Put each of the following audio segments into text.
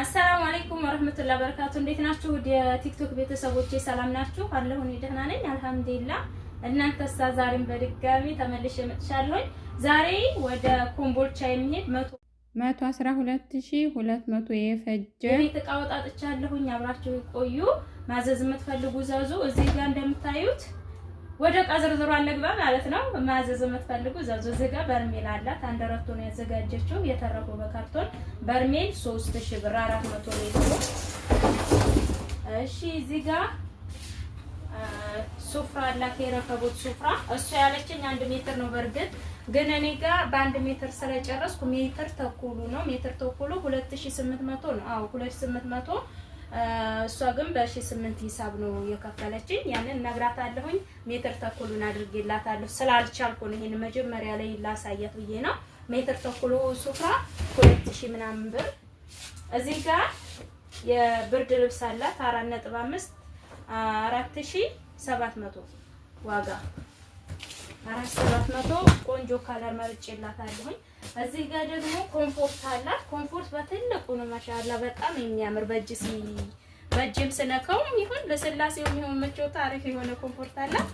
አሰላሙ አለይኩም ወረህመቱላሂ በረካቱ። እንዴት ናችሁ? የቲክቶክ ቤተሰቦቼ ሰላም ናችሁ? አለሁ እኔ ደህና ነኝ አልሐምዱሊላህ። እናንተሳ? ዛሬም በድጋሚ ተመልሼ መጥቻለሁኝ። ዛሬ ወደ ኮምቦልቻ የሚሄድ መቶ አስራ ሁለት ሺህ ሁለት መቶ የፈጀ የቤት እቃ ወጣጥቻለሁኝ። አብራችሁ ቆዩ። ማዘዝ የምትፈልጉ ዘዙ። እዚህ ጋር እንደምታዩት ወደ ዕቃ ዝርዝሩ አንግባ ማለት ነው። ማዘዝ የምትፈልጉ ዘዙ። እዚህ ጋር በርሜል አላት። አንድ ረቶ ነው ያዘጋጀችው። የተረፉ በካርቶን በርሜል 3000 ብር 400 ሜትር። እሺ እዚህ ጋር ሱፍራ አላት። የረከቡት ሱፍራ እሱ ያለችኝ አንድ ሜትር ነው። በእርግጥ ግን እኔ ጋር በአንድ ሜትር ስለጨረስኩ ሜትር ተኩሉ ነው። ሜትር ተኩሉ 2800 ነው። አዎ 2800 እሷ ግን በሺ ስምንት ሂሳብ ነው የከፈለችኝ። ያንን እነግራታለሁኝ። ሜትር ተኩሉን አድርጌላታለሁ ስላልቻልኩ ነው ይሄን መጀመሪያ ላይ ላሳያት ብዬ ነው። ሜትር ተኩሉ ሱፍራ ሁለት ሺ ምናምን ብር። እዚህ ጋር የብርድ ልብስ አላት አራት ነጥብ አምስት አራት ሺ ሰባት መቶ ዋጋ አራት ሰባት መቶ ቆንጆ ካለር መርጬላታለሁኝ። እዚህ ጋር ደግሞ ኮምፎርት አላት። ኮምፎርት በትልቁ ነው ማሻላ፣ በጣም የሚያምር በእጅ ሲ በእጅም ስነካውም ይሁን ለስላሴውም ይሁን ምቾት አሪፍ የሆነ ኮምፎርት አላት።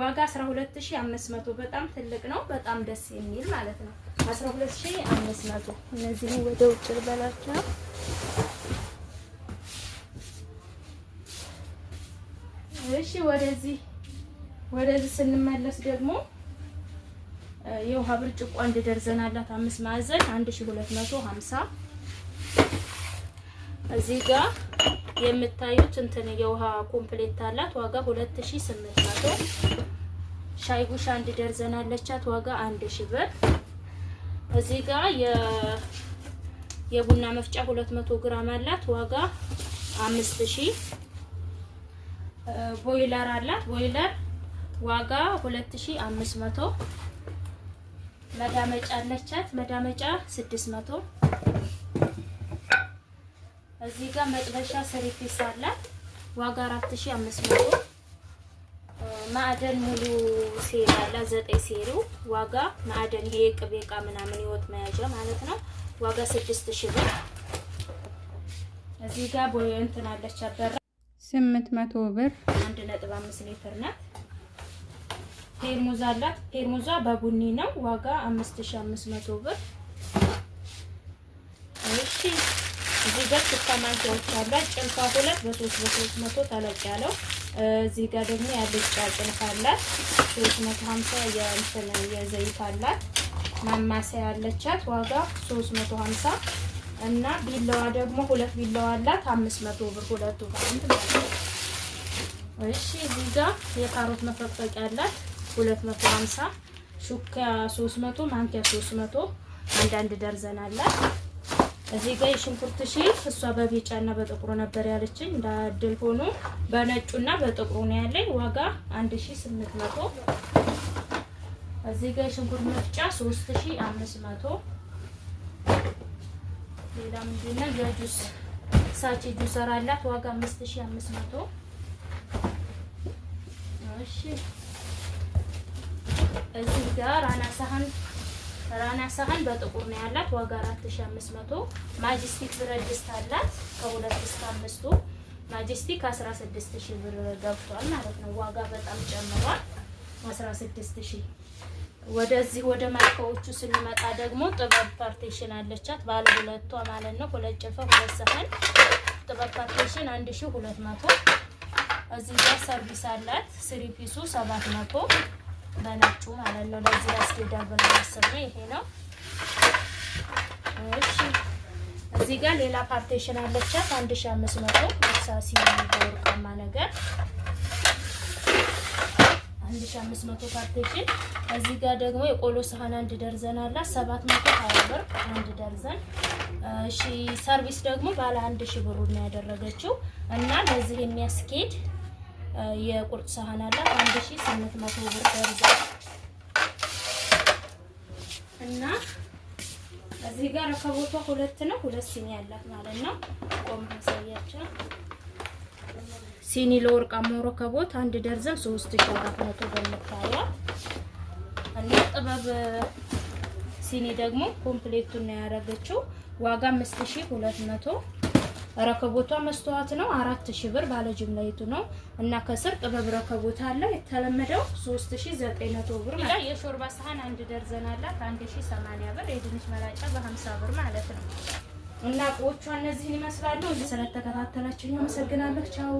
ዋጋ 12500 በጣም ትልቅ ነው። በጣም ደስ የሚል ማለት ነው። 12500 እነዚህ ወደ ውጭ ልበላችሁ እሺ ወደዚህ ወደዚህ ስንመለስ ደግሞ የውሃ ብርጭቆ አንድ ደርዘን አላት። አምስት ማዕዘን 1250 እዚህ ጋር የምታዩት እንትን የውሃ ኮምፕሌት አላት። ዋጋ 2800 ሻይ ጉሽ አንድ ደርዘን አለቻት። ዋጋ 1000 ብር። እዚህ ጋር የ የቡና መፍጫ 200 ግራም አላት። ዋጋ 5000 ቦይለር አላት። ቦይለር ዋጋ 2500 መዳመጫ አለቻት። መዳመጫ 600 እዚህ ጋር መጥበሻ ሰሪፊስ አላት። ዋጋ 4500 ማዕደን ሙሉ ሴል አላት። 9 ሴሪው ዋጋ ማዕደን ይሄ ቅቤ ዕቃ ምናምን የወጥ መያዣ ማለት ነው። ዋጋ 6000 ብር እዚህ ጋር ቦይ እንትን አለቻት። በራ 800 ብር 1.5 ሊትር ናት። ፔርሙዝ አላት። ፔርሙዟ በቡኒ ነው። ዋጋ 5500 ብር። እሺ እዚህ ጋር ሹካ ማንኪያዎች አላት። ጭልፋ ሁለት በ3 በ300 ተለቅ ያለው እዚህ ጋር ደግሞ ያልጫ ጭልፋ አላት። 350 የእንትን የዘይት አላት። ማማሰያ ያለቻት ዋጋ 350 እና ቢላዋ ደግሞ ሁለት ቢላዋ አላት 500 ብር ሁለቱ ነው። እሺ እዚህ ጋር የካሮት መፈቅፈቂያ አላት መቶ 250 ሹካ 300 ማንኪያ 3መቶ አንዳንድ ደርዘን አለ። እዚህ ጋር የሽንኩርት ሺ እሷ በቢጫና በጥቁሩ ነበር ያለችኝ። እንዳድል ሆኖ በነጩና በጥቁሩ ነው ያለኝ። ዋጋ 1800። እዚህ ጋር የሽንኩርት መፍጫ 3500። ሌላ ምንድነው የጁስ ሳቺ ጁሰር አላት። ዋጋ 5500። እሺ እዚህ ጋር ራና ሳህን ራና ሳህን በጥቁር ነው ያላት ዋጋ 4500። ማጅስቲክ ብረት ድስት አላት ከሁለት እስከ አምስቱ ማጅስቲክ 16000 ብር ገብቷል ማለት ነው። ዋጋ በጣም ጨምሯል 16000። ወደዚህ ወደ ማይካዎቹ ስንመጣ ደግሞ ጥበብ ፓርቴሽን አለቻት ባለ ሁለቷ ማለት ነው። ሁለት ጭልፋ ሁለት ሳህን ጥበብ ፓርቴሽን 1200። እዚህ ጋር ሰርቪስ አላት ስሪ ፒሱ 700 በነጩ ማለት ነው። ለዚህ ላስጌዳብል አስሬ ይሄ ነው። እሺ እዚህ ጋር ሌላ ፓርቴሽን አለቻት 1500 እርሳሲ በወርቃማ ነገር 1500 ፓርቴሽን። እዚህ ጋር ደግሞ የቆሎ ሰሃን አንድ ደርዘን አላት 720 ብር አንድ ደርዘን። እሺ ሰርቪስ ደግሞ ባለ አንድ ሺህ ብሩ ነው ያደረገችው እና ለዚህ የሚያስኬድ የቁርጥ ሳህን አለ 1800 ብር ደርዛ እና እዚህ ጋር ከቦቶ ሁለት ነው። ሁለት ሲኒ ያላት ማለት ነው። ቆም ያሳያቸው ሲኒ ለወርቃማው ረከቦት አንድ ደርዘን 3400 ብር የምታየው እና ጥበብ ሲኒ ደግሞ ኮምፕሌቱን ነው ያደረገችው ዋጋ 5200 ረከቦቷ መስተዋት ነው። አራት ሺህ ብር ባለ ጅምላይቱ ነው እና ከስር ጥበብ ረከቦት አለ። የተለመደው 3900 ብር ማለት ነው። የሾርባ ሳህን አንድ ደርዘን አላት 1080 ብር። የድንች መላጫ በሀምሳ ብር ማለት ነው። እና እቃዎቿ እነዚህን ይመስላሉ። ስለተከታተላችሁ አመሰግናለሁ። ቻው